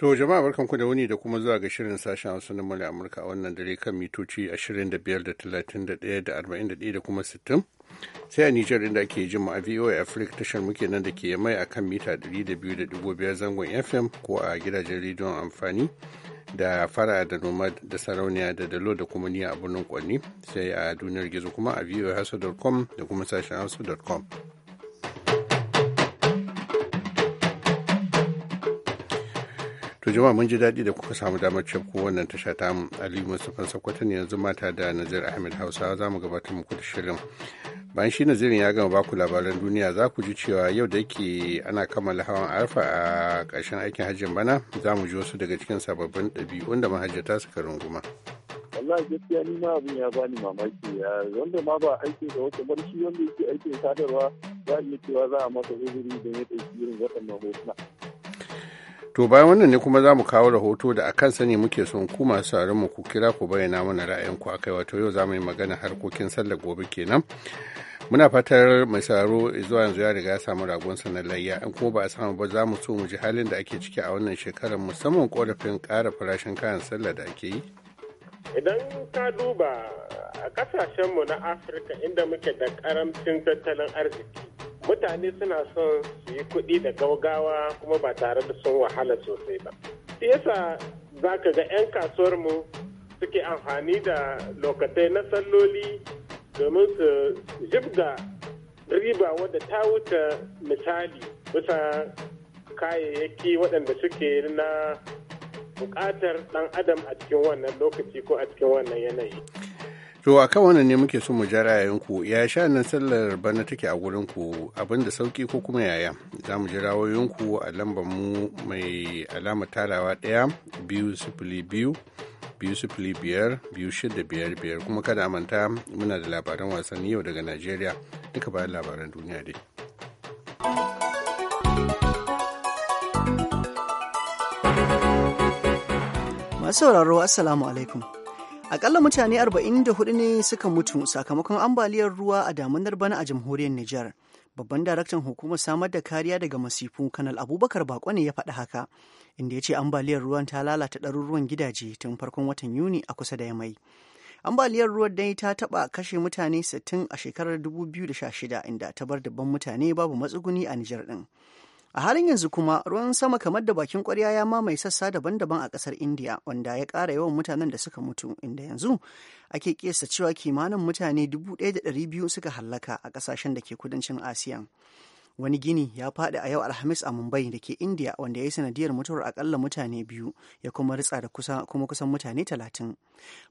To jama'a ku da wuni da kuma zuwa ga shirin sashen Hausa na Murya Amurka wannan dare kan mitoci 25 da 31 da 41 da kuma 60. Sai a Nijar inda ake jin a VOA Africa tashar muke nan da ke mai a kan mita 200.5 zangon FM ko a gidajen rediyon amfani da fara da nomad da sarauniya da dalo da kuma niya a kwanni sai a duniyar gizo kuma a voahausa.com da kuma sashen hausa.com. To jama'a mun ji daɗi da kuka samu damar ko wannan tasha ta Ali mustafa Sokoto ne yanzu mata da Nazir Ahmed Hausa za mu gabatar mu da shirin. Bayan shi Nazirin ya gama baku labaran duniya za ku ji cewa yau da yake ana kammala hawan arfa a ƙarshen aikin hajjin bana za mu ji wasu daga cikin sababbin ɗabi'un da mahajjata suka runguma. wallahi gaskiya ni ma abin ya bani mamaki wanda ma ba aiki da wata barci wanda yake aikin sadarwa za a iya cewa za a masa uzuri don ya ɗauki irin waɗannan hotuna. To bayan wannan ne kuma za mu kawo rahoto da a kansa ne muke son ku masu tsarin mu ku kira ku bayyana mana ra'ayinku a kai wato yau za mu yi magana harkokin sallar gobe kenan. Muna fatar mai sauraro zuwa yanzu ya riga ya samu ragon na layya in ko ba a samu ba za mu so mu ji halin da ake ciki a wannan shekarar musamman korafin ƙara farashin kayan sallah da ake yi. Idan ka duba a kasashenmu na Afirka inda muke da karamcin tattalin arziki mutane suna son su yi kuɗi da gaugawa kuma ba tare da sun wahala sosai ba yasa za ka ga 'yan kasuwar mu suke amfani da lokatai na salloli domin su jibga riba wadda ta wuce misali bisa kayayyaki waɗanda suke na buƙatar ɗan adam a cikin wannan lokaci ko a cikin wannan yanayi. To a kan wannan ne muke so mu ja ku ya sha nan sallar bana take a gurin ku abin da sauki ko kuma yaya za mu ji rawayoyinku a lambar mu mai alama tarawa ɗaya biyu sifili biyu biyu sifili biyar biyu shida biyar biyar kuma kada manta muna da labaran wasanni yau daga Najeriya duka bayan labaran duniya dai. Masu sauraro Assalamu alaikum. Akalla mutane 44 ne suka mutu sakamakon ambaliyar ruwa a damunar bana a jamhuriyar Nijar. Babban daraktan hukumar samar da kariya daga masifu kanal Abubakar Bako ne ya faɗi haka, inda ya ce ambaliyar ruwan ta lalata ɗaruruwan gidaje tun farkon watan Yuni a kusa da Yamai. ambaliyar ruwan dai ta taɓa kashe mutane 60 a shekarar 2016 inda ta bar dabban mutane babu matsuguni a Nijar ɗin. a halin yanzu kuma ruwan sama kamar da bakin kwarya ya mamaye sassa daban-daban a kasar india wanda ya kara yawan mutanen da suka mutu inda yanzu ake kesa cewa kimanin mutane 1,200 suka hallaka a kasashen da ke kudancin asiya wani gini ya faɗi a yau alhamis a mumbai da ke india wanda ya yi sanadiyar mutuwar akalla mutane biyu ya kuma ritsa da kusa, kuma kusan mutane talatin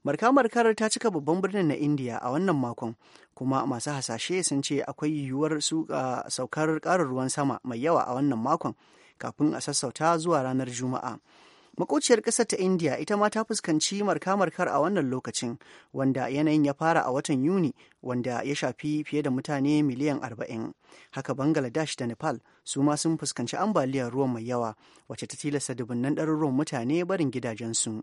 marka-markar ta cika babban birnin na india a wannan makon kuma masu hasashe sun ce akwai yiwuwar su saukar ƙarar ruwan sama mai yawa a wannan makon kafin a sassauta zuwa ranar juma'a Makociyar ƙasar ta India ita ma ta fuskanci marka-markar a wannan lokacin wanda yanayin ya fara a watan Yuni wanda ya shafi fiye da mutane miliyan 40. Haka Bangladesh da Nepal su ma sun fuskanci ambaliyar ruwan mai yawa wacce ta tilasta dubunnan ɗaruruwan mutane barin gidajensu.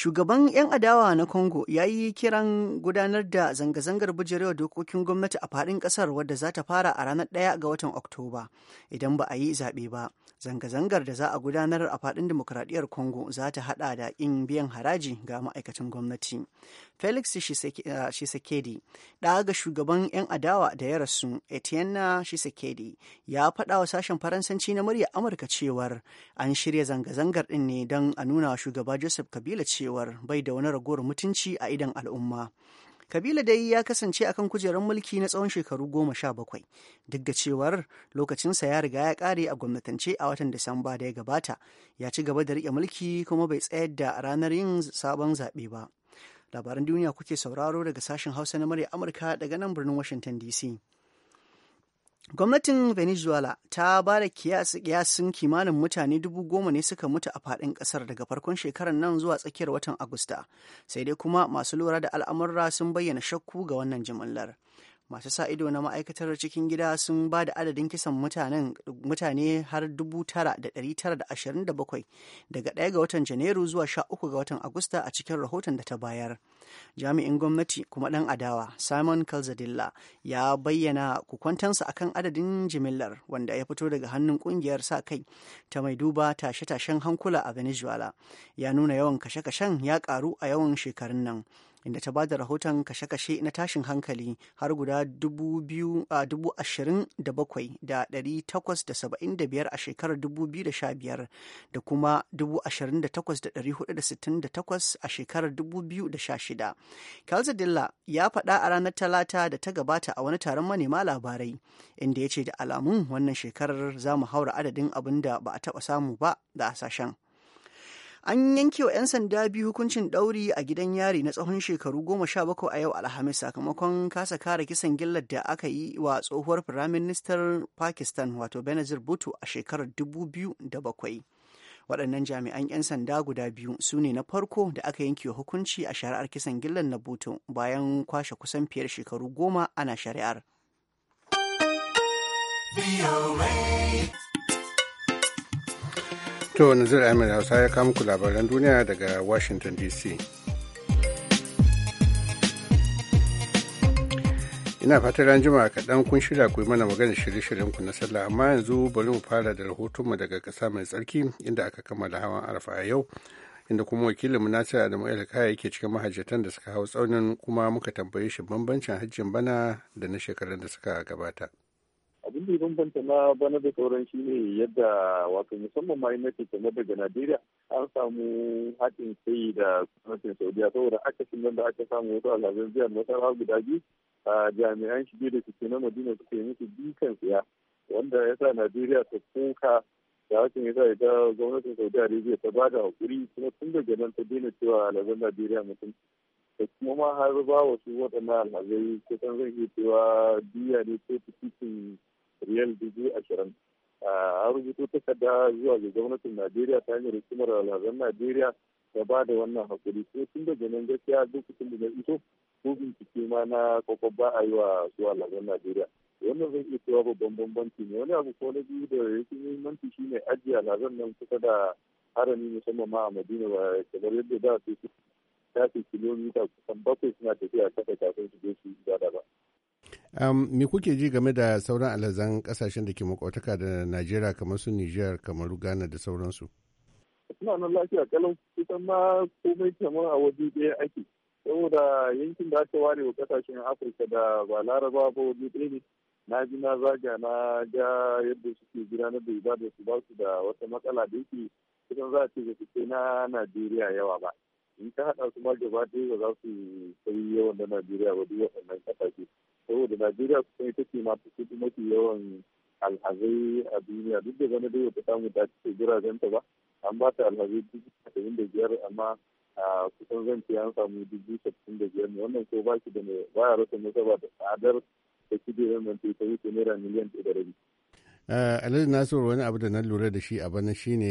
shugaban 'yan adawa na congo ya yi kiran gudanar da zanga-zangar bujirewa dokokin gwamnati a faɗin ƙasar wadda za ta fara a ranar 1 ga watan oktoba idan ba a yi zaɓe ba zanga-zangar da za a gudanar a faɗin demokradiyyar congo za ta haɗa da in biyan haraji ga ma'aikatan gwamnati felix uh, shisekedi ɗaga ga shugaban 'yan adawa da ya rasu etienne shisekedi ya faɗa wa sashen faransanci na murya amurka cewar an shirya zanga-zangar ɗin ne don a nuna shugaba joseph kabila cewa cewar bai da wani ragowar mutunci a idan al'umma kabila dai ya kasance akan kujerar mulki na tsawon shekaru goma sha bakwai duk da cewar lokacinsa ya riga ya kare a gwamnatance a watan disamba da ya gabata ya ci gaba da riƙe mulki kuma bai tsayar da ranar yin sabon zaɓe ba labaran duniya kuke sauraro daga sashen hausa na murya amurka daga nan birnin washington dc Gwamnatin Venezuela ta ba da kiyasin kimanin mutane dubu goma ne suka mutu a faɗin ƙasar daga farkon shekarar nan zuwa tsakiyar watan Agusta, sai dai kuma masu lura da al'amurra sun bayyana shakku ga wannan jimillar. masu sa ido na ma'aikatar cikin gida sun ba da adadin kisan mutane har 9,927 daga 1 ga watan janairu zuwa 13 ga watan agusta a cikin rahoton da ta bayar jami'in gwamnati kuma dan adawa simon calzadilla ya bayyana kukwantansa akan adadin jimillar wanda ya fito daga hannun kungiyar sa kai ta mai duba tashe-tashen hankula a venezuela ya nuna yawan kashe-kashen ya karu a yawan shekarun nan inda ta ba da rahoton kashe-kashe na tashin hankali har guda 27,875 a shekarar 2015 da kuma 28,468 a shekarar 2016. Calzadilla ya faɗa a ranar Talata da ta gabata a wani taron manema labarai inda ya ce da alamun wannan shekarar za mu haura adadin abin da ba a taɓa samu ba da hasashen. an yanke wa 'yan sanda biyu hukuncin ɗauri a gidan yari na tsawon shekaru goma sha bakwai a yau alhamis sakamakon kasa kare kisan gillar da aka yi wa tsohuwar firaministan pakistan wato benazir bhutto a shekarar dubu biyu da bakwai. waɗannan jami'an 'yan sanda guda biyu su ne na farko da aka yanke wa hukunci a shari'ar kisan gillar na bhutto bayan kwashe kusan fiye da shekaru goma ana shari'ar. To Nazir Ahmed Hausa ya kama ku labaran duniya daga Washington DC. Ina fatan ran juma'a kaɗan kun shirya ku yi mana maganar shirye-shiryen ku na sallah amma yanzu bari mu fara da rahotonmu daga ƙasa mai tsarki inda aka kammala hawan arfa a yau inda kuma wakilin Nasir Adamu El Kaya yake cikin mahajjatan da suka hau tsaunin kuma muka tambaye shi bambancin hajjin bana da na shekarun da suka gabata. abin da bambanta na bana da sauran shi ne yadda wato musamman ma united kamar daga najeriya an samu haɗin kai da gwamnatin saudiya saboda aka nan da aka samu wasu alhazan jihar nasara guda biyu jami'an shige da suke na madina suke musu kan tsaya wanda ya sa najeriya ta kuka da hakan ya sa ita gwamnatin da zai ta ba da hakuri kuma tun daga nan ta daina cewa alhazan najeriya mutum da kuma ma har ba wasu waɗannan alhazai kusan zan iya cewa biya ne ko tikitin riyal dubu ashirin a rubuto takarda zuwa ga gwamnatin najeriya ta hanyar hukumar alhazan najeriya ta ba da wannan hakuri ko tun da ganin gaskiya lokacin da na iso ko bincike ma na kwakwab ba a yi wa su alhazan najeriya wannan zai iya cewa babban bambanci ne wani abu ko na biyu da yake muhimmanci shine ajiye alhazan nan kusa da harami musamman ma a madina ba kamar yadda da su tafi kilomita kusan bakwai suna tafiya ta kafin su je su yi ba me kuke ji game da sauran alazan kasashen da ke makwataka da najeriya kamar su niger kamar ghana da sauransu suna nan lafiya kalan kusan ma komai kamar a waje ɗaya ake saboda yankin da aka ware wa kasashen afirka da ba laraba ba waje ɗaya ne na ji na zaga na ga yadda suke gudanar da ibada su ba su da wata matsala da yake kusan za a ce da suke na najeriya yawa ba in ka haɗa su ma gaba ɗaya ba za su kai yawan da najeriya ba duk waɗannan kasashe saboda najeriya kusan ita ce masu kuɗi mafi yawan alhazai a duniya duk da zama dai wata samu ta cike jiragen ta ba an ba ta alhazai dubu saba'in da biyar amma kusan zan ce an samu dubu saba'in da biyar ne wannan ko ba shi da ba ya rasa nasaba da tsadar da biyar nan ta wuce naira miliyan ɗaya da rabi. alhaji nasiru wani abu da na lura da shi a bana shine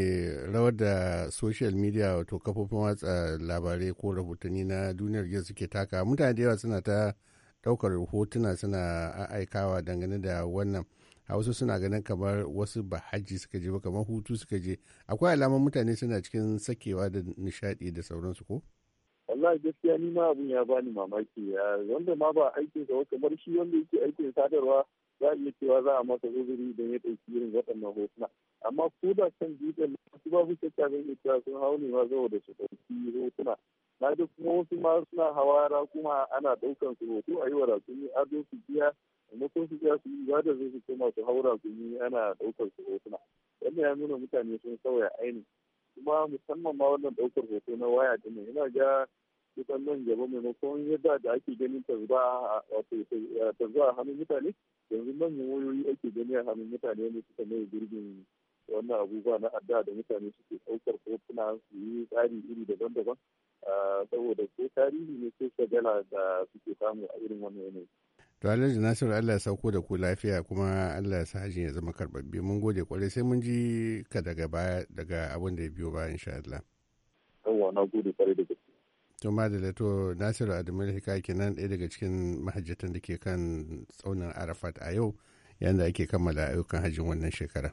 rawar da social media wato kafofin watsa labarai ko rahotanni na duniyar gizo suke taka mutane da yawa suna ta daukar hotuna suna aikawa dangane da wannan a wasu suna ganin kamar wasu ba hajji suka je ba kamar hutu suka je akwai alamar mutane suna cikin sakewa da nishadi da sauransu ko wallahi gaskiya ni ma abun ya bani mamaki wanda ma ba aikin sa kamar shi wanda yake aikin sadarwa za a iya cewa za a masa uzuri idan ya ɗauki irin waɗannan hotuna amma ko da kan dutsen su babu shakka zan iya cewa sun hau ne ma saboda su ɗauki hotuna na ga kuma wasu ma suna hawa rakuma ana ɗaukan su hoto a yi wa rakumi ado su biya maimakon su biya su yi da zai su koma su hau rakumi ana ɗaukar su hotuna wannan ya nuna mutane sun sauya aini kuma musamman ma wannan ɗaukar hoto na waya din nan yana ga kusan nan gaba maimakon yadda da ake ganin tarzuwa a hannun mutane yanzu manyan wayoyi ake gani a hannun mutane ne suka mai gurbin wannan abubuwa na adda da mutane suke ɗaukar hotuna su yi tsari iri daban-daban saboda ko tarihi ne ko shagala da suke samu a irin wannan yanayi. To Alhaji Nasiru Allah ya sauko da ku lafiya kuma Allah ya sa hajji ya zama karɓaɓɓe mun gode kwarai sai mun ji ka daga baya daga abin da ya biyo ba insha Allah. Yawwa na gode kwarai da gaske. To Madalla to Nasiru Adamu Hika kenan ɗaya daga cikin mahajjatan da ke kan tsaunin Arafat a yau yanda ake kammala ayyukan hajjin wannan shekara.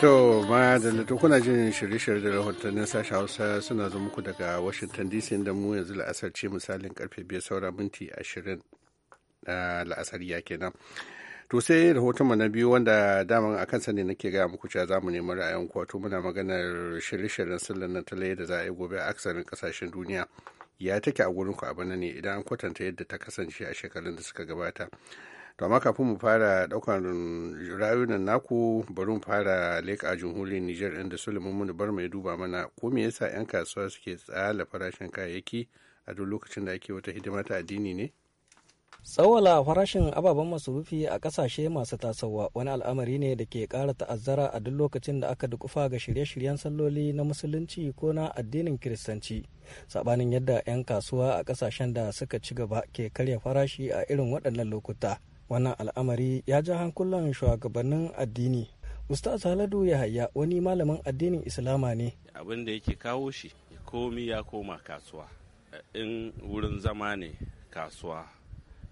To ma da na kuna jin shirye-shirye da rahotannin sashen Hausa suna zo muku daga Washington DC inda mu yanzu la'asar ce misalin karfe biyar saura minti ashirin na ah, la'asar ya kenan. To sai rahoton na biyu wanda daman a kansa ne nake gaya muku cewa za mu nemi ra'ayin kwato muna maganar shirye-shiryen sallar na talaye da za a yi gobe a aksarin kasashen duniya. Ya take a gurin ku abu ne idan an kwatanta yadda ta kasance a shekarun da suka gabata. to amma kafin mu fara daukan rayunan naku bari mu fara leƙa jamhuriyar Nijar ɗin da Suleiman Muni bar mai duba mana ko me yasa 'yan kasuwa suke tsala farashin kayayyaki a duk lokacin da ake wata hidima ta addini ne? tsawala farashin ababen masurufi a kasashe masu tasowa wani al'amari ne da ke kara ta'azzara a duk lokacin da aka dukufa ga shirye-shiryen salloli na musulunci ko na addinin kiristanci sabanin yadda 'yan kasuwa a kasashen da suka ci gaba ke karya farashi a irin waɗannan lokuta wannan al'amari ya ja hankulan shugabannin addini ustaz haladu yahaya wani malamin addinin islama ne abin da yake kawo shi komi ya koma kasuwa in wurin zama ne kasuwa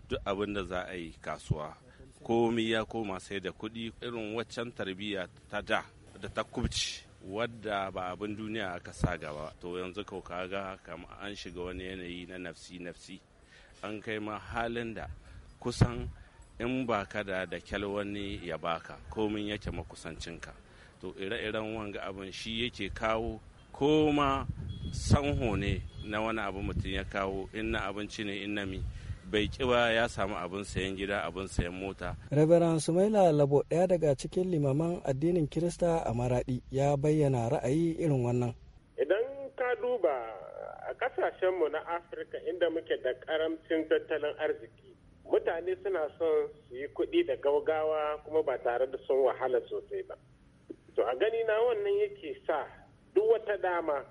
duk abin da za a yi kasuwa komi ya koma sai da kuɗi irin waccan tarbiyya ta da da ta kubci wadda ba abin duniya aka sa gaba to yanzu kau kaga kama an shiga wani yanayi na nafsi nafsi an kai ma halin da kusan in ba ka da da kyal wani ya baka komin yake makusancinka to ire-iren wanga abin shi yake kawo koma sanho ne na wani abu mutum ya kawo in abinci ne in na mi bai kiba ya samu abin sayan gida abin sayan mota. Reverend Sumaila Labo ɗaya daga cikin limaman addinin Kirista a Maraɗi ya bayyana ra'ayi irin wannan. Idan ka duba a ƙasashenmu na Afirka inda muke da ƙaramcin tattalin arziki mutane suna son su yi kuɗi da gaugawa kuma ba tare da sun wahala sosai ba to a gani na wannan yake sa duk wata dama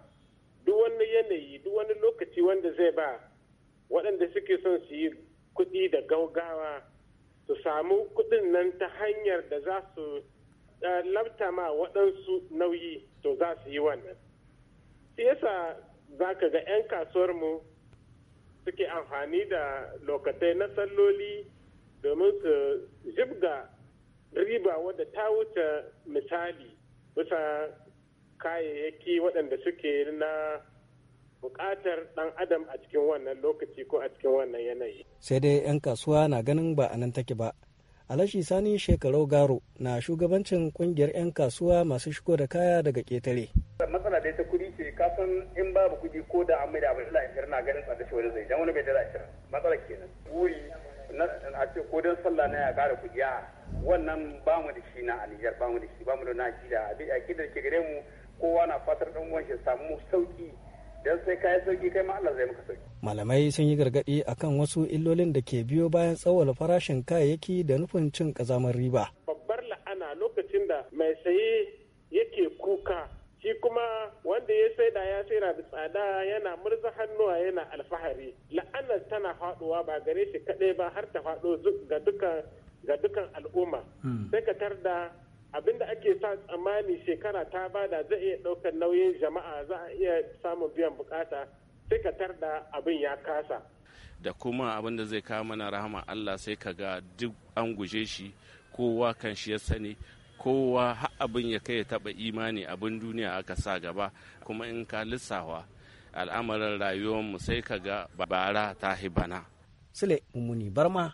duk wani yanayi duk wani lokaci wanda zai ba waɗanda suke son su yi kuɗi da gaugawa su samu kuɗin nan ta hanyar da za su eh, labta ma waɗansu nauyi to za su yi wannan shi yasa za ka ga 'yan kasuwar mu. suke amfani da lokatai na salloli domin su jibga riba wadda ta wuce misali bisa kayayyaki waɗanda suke na buƙatar ɗan adam a cikin wannan lokaci ko a cikin wannan yanayi. sai dai 'yan kasuwa na ganin ba a nan take ba alashi Sani Shekarau Garo na shugabancin kungiyar 'yan kasuwa masu shigo da kaya daga ketare. Matsala da ta kudi ce kasan in babu kudi ko da an maida abin la'ashirin na ganin tsada shi wani zai idan wani bai da la'ashirin matsala kenan. Wuri na a ce ko don sallah na ya kara kudi a wannan ba mu da shi na a ba mu da shi ba da na akida a ke gare mu kowa na fatar dan uwan shi samu sauki don sai ka yi sauki kai ma Allah zai maka sauki. Malamai sun yi gargaɗi kan wasu illolin da ke biyo bayan tsawon farashin kayayyaki da nufin cin ƙazamar riba. Babbar la'ana lokacin da mai saye yake kuka shi kuma wanda ya saida ya saida da tsada yana murza hannuwa yana alfahari la'anar tana faɗuwa ba gare shi kaɗai ba har ta faɗo ga dukan al'umma hmm. sai ka tar da abin da ake sa tsammani shekara ta bada zai iya ɗaukar nauyin jama'a za a iya samun biyan bukata sai ka tarda abin ya kasa da kuma abin da zai kawo mana rahama Allah sai ka ga duk an guje shi kowa kan shi ya sani kowa har abin ya kai ya taba imani abin duniya aka sa gaba kuma in ka lissawa al'amarin mu sai ka ga bara ta hibana. Sule Mummuni Barma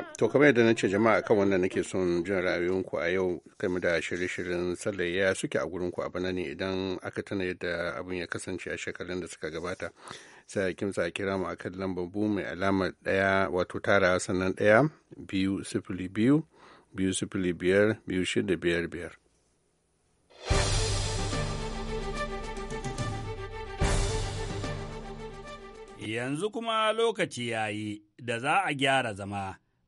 To kamar yadda na ce jama'a kan wannan nake son jin ku a yau game da shirye-shiryen sallaya suke a gurin ku a bana ne idan aka tana yadda abin ya kasance a shekarun da suka gabata. Sai a kimsa a kira mu akan lambar bu mai alama daya wato tara sannan ɗaya biyu sifili biyu biyu sifili biyar biyu shida biyar biyar. Yanzu kuma lokaci yayi da za a gyara zama.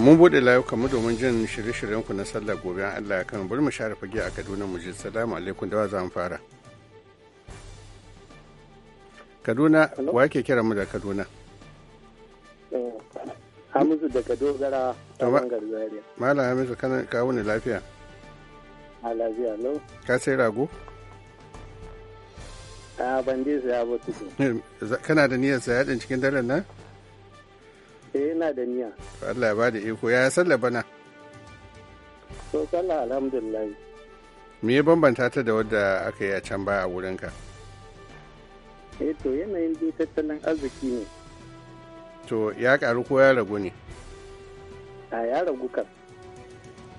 mun buɗe layuka mu domin jin shirye-shiryen ku na sallah gobe an Allah ya kan bari mu share fage a Kaduna mu ji salamu alaikum da za mu fara Kaduna wa yake kira mu da Kaduna eh, Hamisu daga Dogara Taman Garzariya Malam Hamisu kana kawo ne lafiya A lafiya lau Ka sai rago A ah, bandi sai saya eh, Kana da niyyar saya cikin daren nan eh yana da niyya Allah ba da iko ya sallah bana to sallah alhamdulillah me ya bambanta ta da wadda aka yi a can baya a wurinka eh to yanayin dai tattalin arziki ne to ya karu ko ya ragu ne a ya ragu kan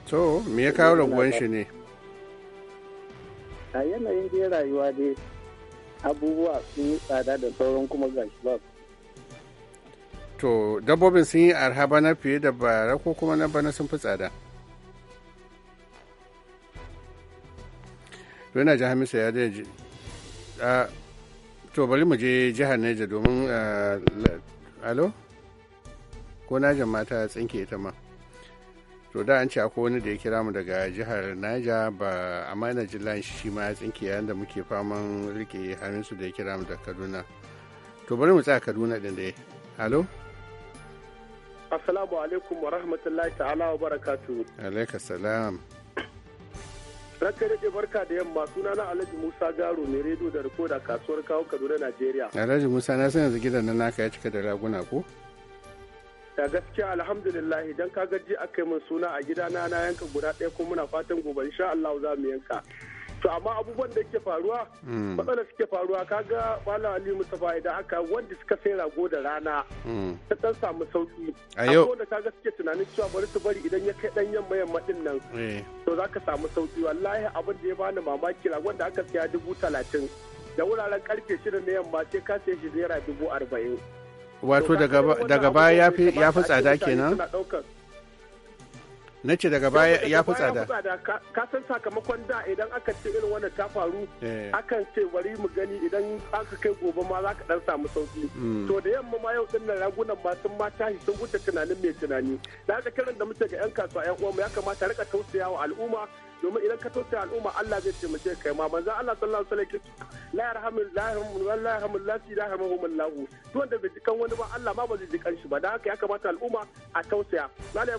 to me ya kawo raguwan shi ne a yanayin dai rayuwa dai abubuwa sun yi tsada da sauran kuma gashi ba To dabbobin sun yi arha bana fiye da bara ko kuma na bana sun fi tsada. To yana ji Hamisa ya je to bari mu je jihar Neja domin alo ko Naja mata tsinke ita ma. to da an ce akwai wani da ya kira mu daga jihar Naija ba amma yana jin shi ma ya tsinke yayin da muke faman rike hannunsu da ya kira mu da Kaduna to bari mu tsaya Kaduna din dai halo Assalamu alaikum wa rahmatullahi ta'ala wa barakatu. Alaika salam. Ranka da barka da yamma suna na Alhaji Musa Garo mai rediyo da rikoda kasuwar kawo Kaduna Najeriya. Alhaji Musa na san yanzu gidan na naka ya cika da raguna ko? Da gaskiya alhamdulillah idan ka gaji aka yi min suna a gidana na yanka guda ɗaya kuma muna fatan gobe insha Allahu za mu yanka. to amma abubuwan da ke faruwa hmm. matsalar suke faruwa kaga bala ali mustafa idan aka wanda suka sai rago da rana hmm. ta dan samu sauki a yau da kaga suke tunanin cewa bari su bari idan ya kai dan yamma yamma din nan eh. to zaka samu sauki wallahi abin da ya bani mamaki ragon da aka siya dubu talatin da wuraren karfe shida na yamma sai ka sai shi naira dubu arba'in wato daga baya ya fi tsada kenan na ce daga baya ya fi tsada ka san sakamakon da idan aka ce irin wannan ta faru eh. akan ce bari mu gani idan aka kai gobe ma za ka dan samu sauki hmm. to da yamma ma yau dinnan ragunan ma sun ma tashi sun wuce tunanin mai tunani da haka kiran da muke ga yan kasuwa yan uwa ya kamata rika tausayawa al'umma domin idan ka tausaya al'umma Allah zai taimake kai ma manzo Allah sallallahu alaihi wasallam la yarhamu la yarhamu la yarhamu la yarhamu Allah duk wanda bai jikan wani ba Allah ma ba zai jikan shi ba dan haka ya kamata al'umma a tausaya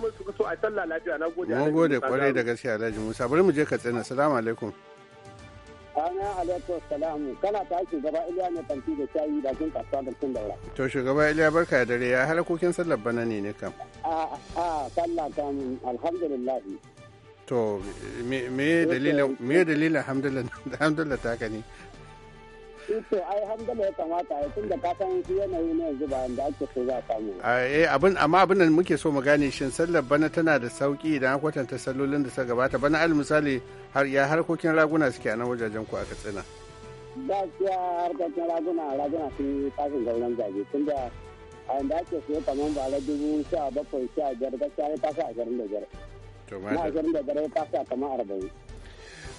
mun su so a sallah lafiya na gode mun gode kwarai da gaskiya Alhaji Musa bari mu je ka tsina assalamu alaikum ana alaikum salamu kana ta ake gaba iliya ne fanti da shayi da kin kasuwa da kin daura to shugaba iliya barka da dare ya halakokin sallar bana ne ne kam a a sallah kan alhamdulillah to me dalilin hamdulillah ta ka ne to ai hamdala ya kamata a tun da ka san shi yanayi na yanzu ba da ake so za a samu ah, eh abin amma abin da muke so mu gane shin sallar bana tana da sauki idan an kwatanta sallolin da suka gabata bana al misali har ya harkokin raguna suke a nan wajajen ku a Katsina gaskiya harkokin raguna raguna sun tashin gauran zage tun da a yanda ake so kamar ba la dubu sha bakwai sha biyar gaskiya ya tashi ashirin da biyar to da da garau kamar arba'in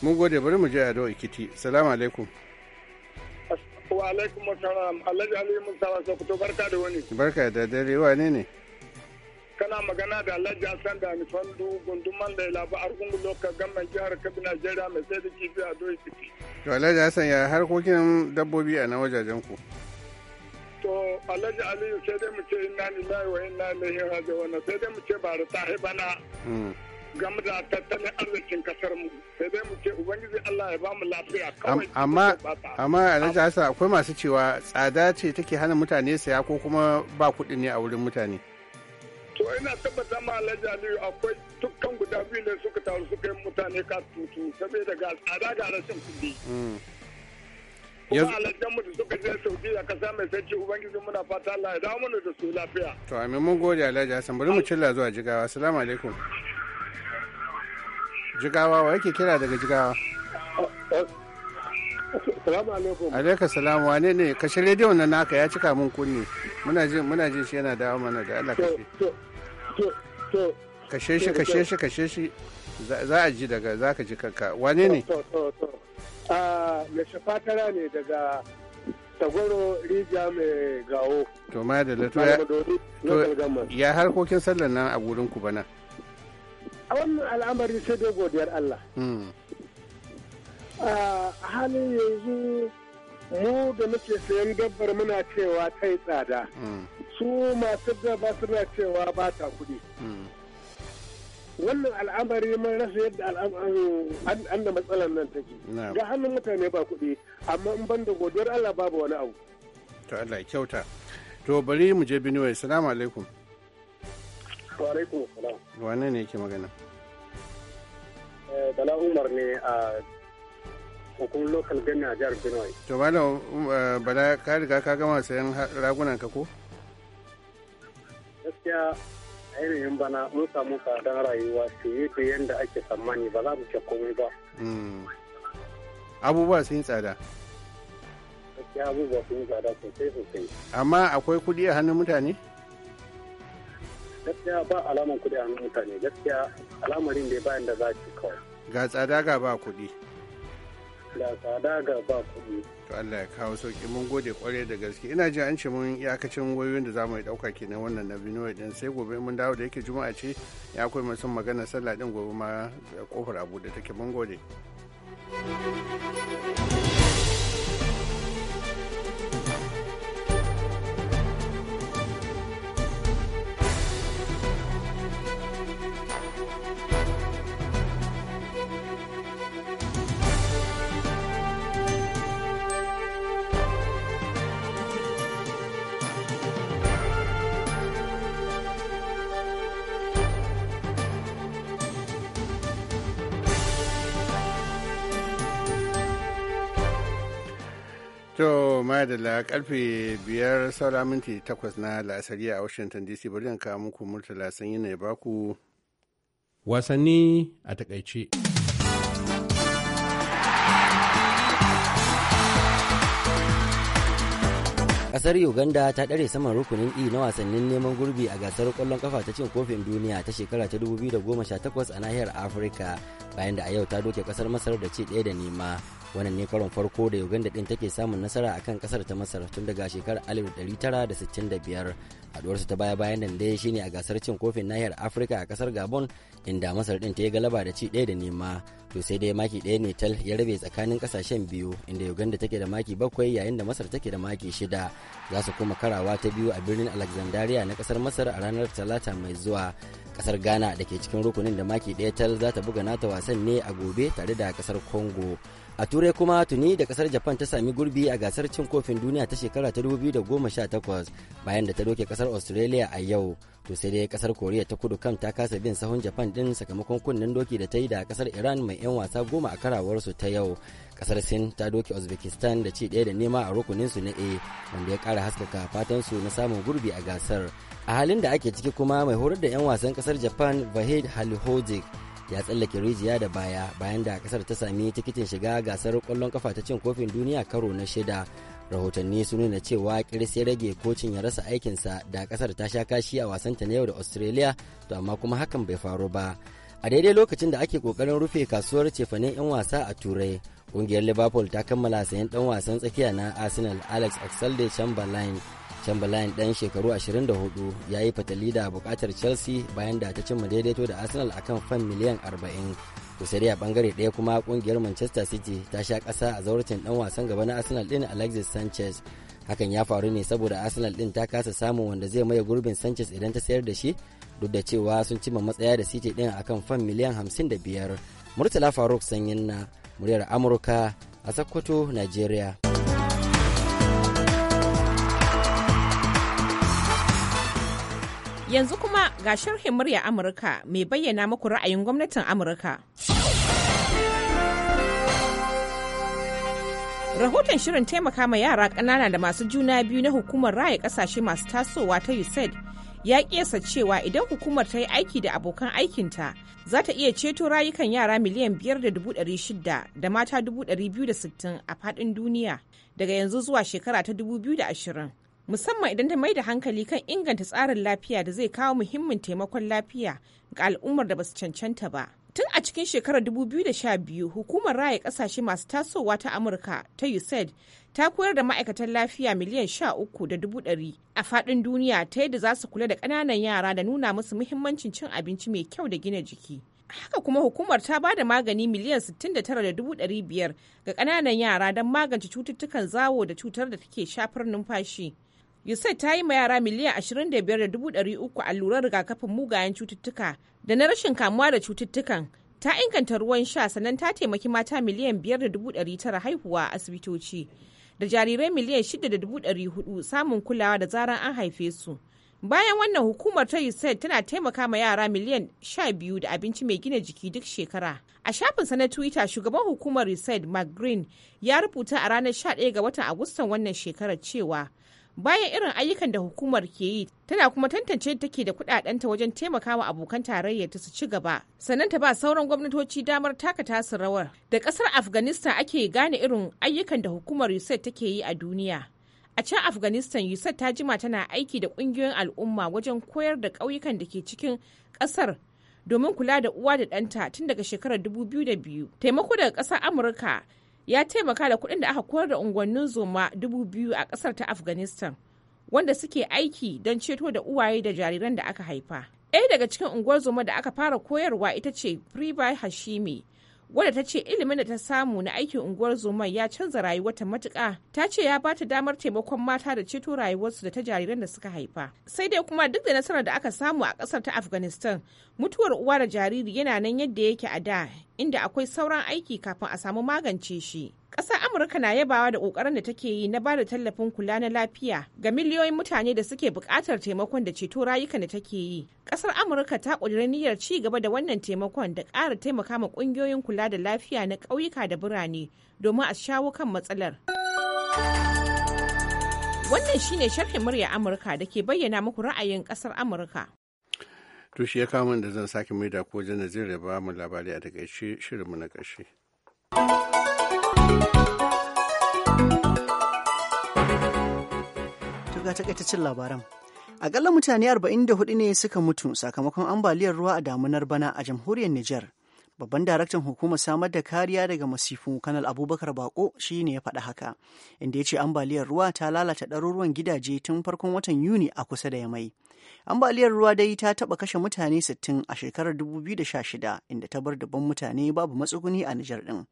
mun gode bari mu je a dawo ikiti salamu alaikum wa alaikum assalam alhaji ali musawa sokoto barka da wani barka da dare wane ne kana magana da alhaji hassan da fandu gunduman da ilaba argungu loka gamman jihar kabi najeriya mai sai da kifi a do ikiti to alhaji hassan ya harkokin dabbobi a na wajajen ku to alhaji aliyu sai dai mu ce inna lillahi wa inna ilaihi raji'un sai dai mu ce ba da sahi bana hmm. game da tattalin arzikin kasar mu sai dai mu ce ubangiji Allah ya bamu lafiya kawai amma amma alhaji Hassan akwai masu cewa tsada ce take hana mutane saya ko kuma ba kuɗi ne a wurin mutane to ina tabbata ma alhaji Aliyu akwai dukkan guda biyu ne suka taru suka yi mutane ka tutu saboda ga tsada ga rashin kuɗi mm. kuma alhajjan mu da suka je a kasa mai sarki ubangiji muna fata Allah ya dawo mana da su lafiya to amin mun gode alhaji hasan bari mu cilla zuwa jigawa assalamu alaikum jigawa wa yake kira daga jigawa Salamu alaikum. Alaikum wane ne kashe rediyon na naka ya cika mun kunne muna jin muna jin shi yana dawo mana da Allah kashe. Kashe shi kashe shi kashe shi za a ji daga za ka ji kanka wane ne? Ah me shafatara ne daga tagoro rijiya mai gawo. To ma da ya harkokin sallar nan a gurin ku bana. a wannan al'amari sai dai godiyar Allah. Hmm. A halin yanzu mu da muke sayan dabbar muna cewa ta yi tsada. Hmm. Su masu dabba suna cewa ba ta kuɗi. Hmm. Wannan al'amari mun rasa yadda an da matsalar nan take. Ga hannun mutane ba kuɗi, amma in ban da godiyar Allah babu wani abu. To Allah kyauta. To bari mu je Benue, salamu alaikum. Wa alaikum Wane ne yake magana? Eh, Bala Umar ne a hukumar lokal gani a jihar Benue. To Bala um, eh, Bala ka riga ka gama sayan ragunan ka ko? Gaskiya ainihin bana mun samu tsadar rayuwa fiye da yadda ake tsammani ba za mu ce komai ba. Hmm. Abubuwa sun yi tsada. Gaskiya abubuwa sun yi tsada sosai sosai. Amma akwai kuɗi a hannun mutane? gaskiya ba alaman kuɗi a mutane gaskiya alamarin da bayan da za ci kawai ga tsada ga ba kuɗi ga tsada ga ba kuɗi to Allah ya kawo sauki mun gode kware da gaske ina ji an ce mun iyakacin wayoyin da za mu yi ɗauka kenan wannan na binuwa din sai gobe mun dawo da yake juma'a ce ya akwai masu magana sallah din gobe ma kofar abu da take mun gode thank you To madala karfe biyar saura minti takwas na la'asari a Washington DC bari in kawo muku murtala sanyi ne baku. Wasanni a takaice. Kasar Uganda ta ɗare saman rukunin E na wasannin neman gurbi a gasar ƙwallon kafa ta cin kofin duniya ta shekara ta 2018 a nahiyar Afirka bayan da a yau ta doke kasar Masar da ce ɗaya da nema wannan ne karon farko da uganda din take samun nasara akan kasar ta masar tun daga shekarar 1965 haduwarsu ta baya bayan nan dai shine a gasar cin kofin nahiyar afirka a kasar gabon inda masar din ta yi galaba da ci ɗaya da nema to sai dai maki ɗaya ne tal ya rabe tsakanin kasashen biyu inda uganda take da maki bakwai yayin da masar take da maki shida za su kuma karawa ta biyu a birnin alexandria na kasar masar a ranar talata mai zuwa kasar ghana da ke cikin rukunin da maki daya tal za ta buga nata wasan ne a gobe tare da kasar congo a turai kuma tuni da kasar japan ta sami gurbi a gasar cin kofin duniya ta shekara ta 2018 bayan da ta doke kasar australia a yau to sai dai kasar koriya ta kudu kam ta kasa bin sahun japan din sakamakon kunnen doki da ta yi da kasar iran mai 'yan wasa goma a karawarsu ta yau kasar sin ta doke uzbekistan da ci daya da nema a rukuninsu na a wanda ya kara haskaka fatan su na samun gurbi a gasar a halin da ake ciki kuma mai horar da 'yan wasan kasar japan vahid halihojic ya tsallake rijiya da baya bayan da kasar ta sami tikitin shiga gasar kwallon kafa ta cin kofin duniya karo na shida rahotanni sun nuna cewa kiris ya rage kocin ya rasa aikinsa da kasar ta sha kashi a wasanta na yau da australia to amma kuma hakan bai faru ba a daidai lokacin da ake kokarin rufe kasuwar cefanen 'yan wasa a turai ƙungiyar liverpool ta kammala sayan dan wasan tsakiya na arsenal alex oxlade chamberlain chamberlain ɗan shekaru 24 ya yi fatali da bukatar chelsea bayan da ta cimma daidaito da arsenal akan fan miliyan 40 kusuri a bangare ɗaya kuma kungiyar manchester city ta sha ƙasa a zauracin ɗan wasan gaba na arsenal ɗin alexis sanchez hakan ya faru ne saboda arsenal ɗin ta kasa samun wanda zai maye gurbin sanchez idan ta sayar da shi duk da cewa sun cimma matsaya da city ɗin akan fan miliyan 55 murtala faruk sanyin na muryar amurka a sokoto nigeria Yanzu kuma ga sharhin murya Amurka mai bayyana muku ra'ayin gwamnatin Amurka. Rahoton shirin taimaka ma yara ƙanana da masu juna biyu na hukumar raya ƙasashe masu tasowa ta USAID ya ƙiyasa cewa idan hukumar ta yi aiki da abokan aikinta za ta iya ceto rayukan yara miliyan 5,600 da mata 260 a fadin duniya daga yanzu zuwa shekara ta 2020 musamman idan ta mai da hankali kan inganta tsarin lafiya da zai kawo muhimmin taimakon lafiya ga al'ummar da basu cancanta ba. Tun a cikin shekarar 2012, hukumar raya kasashe masu tasowa ta Amurka ta USAID ta koyar da ma'aikatan lafiya miliyan 13,000, a faɗin duniya ta yadda za su kula da ƙananan yara da nuna musu muhimmancin cin abinci mai kyau da gina jiki. haka kuma hukumar ta ba da magani miliyan 69,500 ga ƙananan yara don magance cututtukan zawo da cutar da take shafar numfashi USAID ta yi ma yara miliyan 25,300 allurar rigakafin mugayen cututtuka da na rashin kamuwa da cututtukan ta inganta ruwan sha sannan ta taimaki mata miliyan 5,900 haihuwa a asibitoci da jarirai miliyan 6,400 samun kulawa da zaran an haife su. Bayan wannan hukumar ta USAID tana taimaka ma yara miliyan 12 da abinci mai gina jiki duk shekara. A shafin sa na Twitter shugaban hukumar USAID Mark Green ya rubuta a ranar 11 ga watan Agustan wannan shekarar cewa bayan irin ayyukan da hukumar ke yi tana kuma tantance da take da kudadenta wajen taimakawa abokan tarayya ta su ci gaba sannan ta ba sauran gwamnatoci damar taka tasu rawar da kasar afghanistan ake gane irin ayyukan da hukumar usaid take yi a duniya a can afghanistan usaid ta jima tana aiki da kungiyoyin al'umma wajen koyar da ƙauyukan da ke cikin ƙasar domin kula da uwa da ɗanta tun daga shekarar 2002 taimako daga ƙasar amurka ya taimaka da kuɗin da aka koyar da unguwannin zoma dubu biyu a ƙasar ta afghanistan wanda suke aiki don ceto da uwaye da jariran da aka haifa ɗaya daga cikin unguwar zoma da aka fara koyarwa ita ce pribai hashimi wadda ta ce ilimin da ta samu na aikin unguwar zoma ya canza rayuwarta matuka. ta ce ya bata damar taimakon mata da ceto rayuwarsu da ta jariran da suka haifa sai dai kuma duk da nasarar da aka samu a ƙasar ta afghanistan mutuwar uwa da jariri yana nan yadda yake a da inda akwai sauran aiki kafin a samu magance shi. Ƙasar Amurka na yabawa da ƙoƙarin da take yi na bada tallafin kula na lafiya ga miliyoyin mutane da suke buƙatar taimakon da ceto rayukan da take yi. Ƙasar Amurka ta ƙudiri niyyar ci gaba da wannan taimakon da ƙara taimaka ma ƙungiyoyin kula da lafiya na ƙauyuka da birane domin a shawo kan matsalar. Wannan shine sharhin murya Amurka da ke bayyana muku ra'ayin ƙasar Amurka. to shi ya kawo da zan sake mai da ko jana zai ba mu labari a takaice shirinmu na ƙarshe. Tuga takaitaccen labaran. Akalla mutane 44 ne suka mutu sakamakon ambaliyar ruwa a damunar bana a jamhuriyar Nijar. babban daraktan hukumar samar da kariya daga masifu kanal abubakar bako shi ne ya faɗa haka inda ya ce ambaliyar ruwa ta lalata ɗaruruwan gidaje tun farkon watan yuni a kusa da yamai ambaliyar ruwa dai ta taɓa kashe mutane 60 a shekarar 2016 inda ta bar dubban mutane babu matsuguni a Nijar din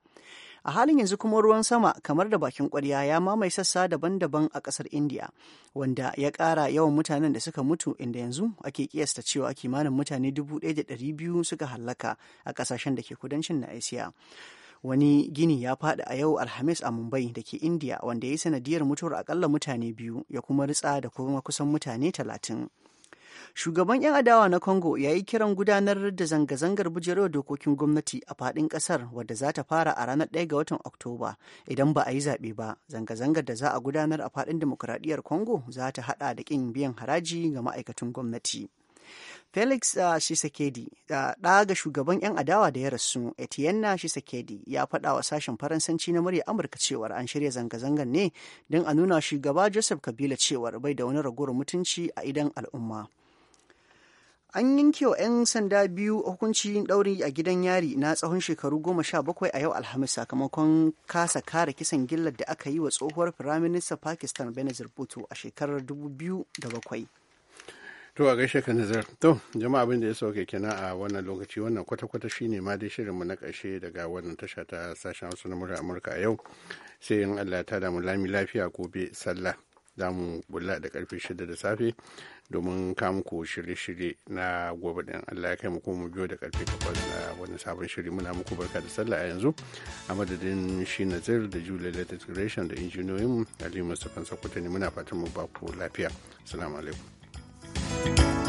a halin yanzu kuma ruwan sama kamar da bakin kwarya ya mamaye sassa daban-daban a kasar india wanda ya kara yawan mutanen da suka mutu inda yanzu ake kiyasta cewa kimanin mutane 1,200 suka hallaka a kasashen da ke kudancin na asia wani gini ya faɗi a yau alhamis a mumbai da ke india wanda ya yi sanadiyar mutuwar akalla mutane biyu ya kuma ritsa da kuma kusan mutane talatin. Shugaban 'yan adawa na Congo ya yi kiran gudanar da zanga-zangar bujerewa dokokin gwamnati a fadin kasar wadda za ta fara a ranar 1 ga watan Oktoba idan ba a yi zaɓe ba. Zanga-zangar da za a gudanar a fadin demokuraɗiyyar Congo za ta haɗa da ƙin biyan haraji ga ma'aikatan gwamnati. Felix uh, Shisekedi, uh, ɗa ga shugaban 'yan adawa da ya rasu, Etienne Shisekedi ya faɗa wa sashen Faransanci na murya Amurka cewar an shirya zanga-zangar ne don a nuna shugaba Joseph Kabila cewar bai da wani ragowar mutunci a idan al'umma. an yanke wa 'yan sanda biyu hukunci ɗauri a gidan yari na tsawon shekaru goma sha bakwai a yau alhamis sakamakon kasa kare kisan gillar da aka yi wa tsohuwar firaminista pakistan benazir bhutto a shekarar 2007 to a gaishe ka nazar to jama'a abin da ya sauke kina a wannan lokaci wannan kwata-kwata shine ma dai mu na ƙarshe daga wannan tasha ta sashen wasu na murar amurka a yau sai in allah ta damu lami lafiya gobe sallah zamu mu bulla da karfe shida da safe domin muku shirye-shirye na gobe din Allah ya kai muku mu biyo da karfe takwas na wani sabon shiri muna muku barka da sallah a yanzu a madadin shi nazir da julia latest creation da injiniyoyin aliyu mustapha sakwata ne muna fatan mu ba ku lafiya salamu alaikum